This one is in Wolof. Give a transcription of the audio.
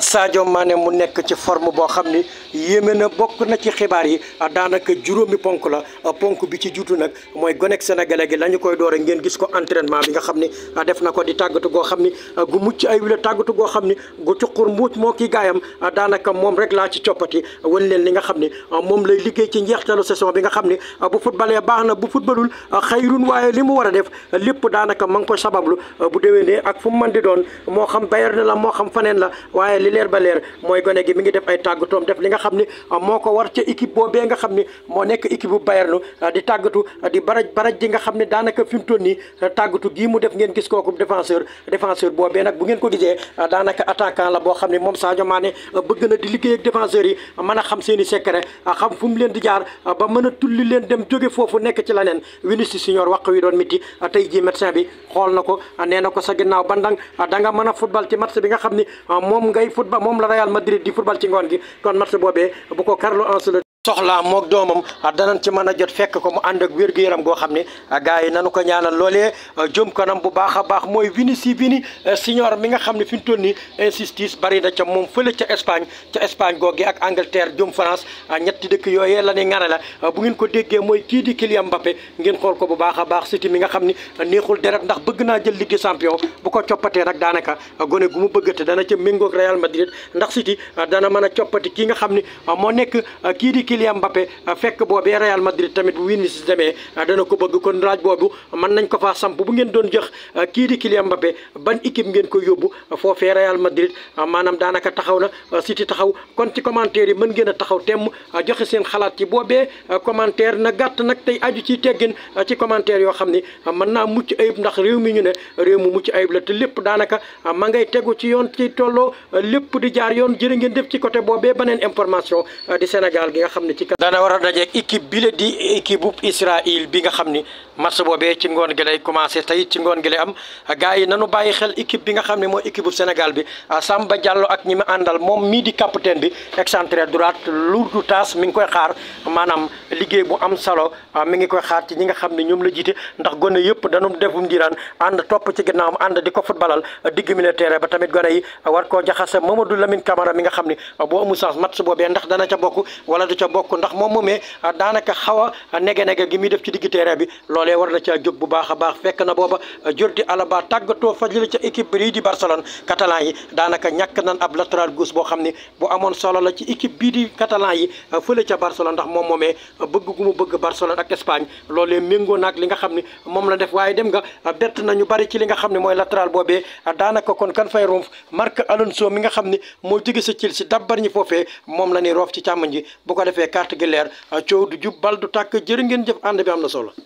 Sadio Mané mu nekk ci forme boo xam ni yéeme na bokk na ci xibaar yi daanaka juróomi ponk la ponk bi ci juutu nag mooy gonek sénégalais gi la ñu koy doore ngeen gis ko entraînement bi nga xam ni def na ko di tàggatu goo xam ni gu mucc ay wila tàggatu goo xam ni gu cuqur mbuuc moo kii gaayam daanaka moom rek laa ci coppati wan leen li nga xam ni moom lay liggéey ci njeextalu saison bi nga xam ni bu footballee baax na bu footballul a def lépp daanaka ma ngi ko sabablu bu mu mën di doon moo xam Bayern la moo li leer ba leer mooy gone gi mi ngi def ay tàggatoom def li nga xam ni uh, moo ko war ca équipe boobee nga xam ni moo nekk équipe bu Bayern uh, di tàggatu uh, di baraj baraj ji nga xam ne daanaka fi mu toll nii tu gii mu def ngeen gis kooku défenseur défenseur boobee nag bu ngeen ko gisee daanaka attaquant la boo xam ne moom Sadio Mané bëgg na di liggéey ak défenseurs yi mën a xam seen i secret xam fu mu leen di jaar ba mën a tulli leen dem jóge foofu nekk ci leneen Vinicius Junior wax wi doon miti tey jii médecin bi na ko na ko sa ginnaaw bandang da nga mën a football ci match bi nga xam ni moom football moom la Real Madrid di football ci ngoon gi kon match boobee bu ko Carlo Ancelotti soxlaa moog doomam ah, danañ ci mën a jot fekk ko mu ànd xam ne ah, gars yi nanu ko ñaanal loolee ah, jëm kanam bu baax a baax mooy Vinicius Vini eh, Senior mi nga xam ne fi mu toll nii injustice bari na ca moom fële ca Espagne ca Espagne googu ak Angleterre jëm France ñetti dëkk yooyee la ne ngane la bu ngeen ko déggee mooy kii di Kylian Mbappé ngeen xool ko bu baax a baax City mi nga xam ni neexul deret ndax bëgg naa jël Ligue des bu ko coppatee nag daanaka gone gu mu bëggate dana ca méngoog Real Madrid ndax City dana mën a coppati ki nga xam ni moo nekk kii di Kylian Mbappé fekk boobee Real Madrid tamit bu Vinicius demee dana ko bëgg kon laaj boobu mën nañ ko faa samp bu ngeen doon jox kii di Kylian Mbappé ban équipe ngeen ko yóbbu foofee Real Madrid maanaam daanaka taxaw na City taxaw kon ci commentaire yi man ngeen a taxaw temm a seen xalaat ci boobee commentaire na gàtt nag tey aju ci teggin ci commentaire yoo xam ni mën naa mucc ayib ndax réew mi ñu ne réew mu mucc ayib la te lépp daanaka ma ngay ci yoon ci tolloo lépp di jaar yoon jërë ngeen def ci côté boobee beneen information xam ne ci dana war a dajeeg équipe bi la di équipe bu Israël bi nga xam ni match boobee ci ngoon gi lay commencé tey ci ngoon gi lay am gars yi nanu bàyyi xel équipe bi nga xam ne moo équipe bu Sénégal bi ah, ba Diallo ak ñi ma àndal moom mii di capitaine bi excentré droite lu du taas mi ngi koy xaar maanaam liggéey bu am solo ah, mi ngi koy xaar ci ñi nga xam ne ñoom la jiite ndax gone yëpp danu defum ndiraan ànd topp ci ginnaawam ànd di ko footballal ah, digg militaire ba tamit gone yi war koo jaxase Mamadou Lamine Camara mi nga xam ni boo amul chance match boobee ndax dana ca bokk ca bokk ndax moom moomee ah, daanaka xaw a nege-nege gi muy def ci digg terrain bi loolee war na a jóg bu baax a baax fekk na booba ah, Jordi Alba tàggatoo fajili ca équipe bii di Barcelone catalan yi daanaka ñàkk nan ab latéral gauche boo xam ne bu amoon solo la ci équipe bii di catalan yi ah, fële ca Barcelone ndax moom a bëgg gu mu bëgg Barcelone ak Espagne loolee méngoo nga xam ne moom def waaye dem nga bett nañu bari ci li nga xam ne mooy latéral defee carte gi leer coow du jub bal du takk jërë ngeen jëf ànd bi am na solo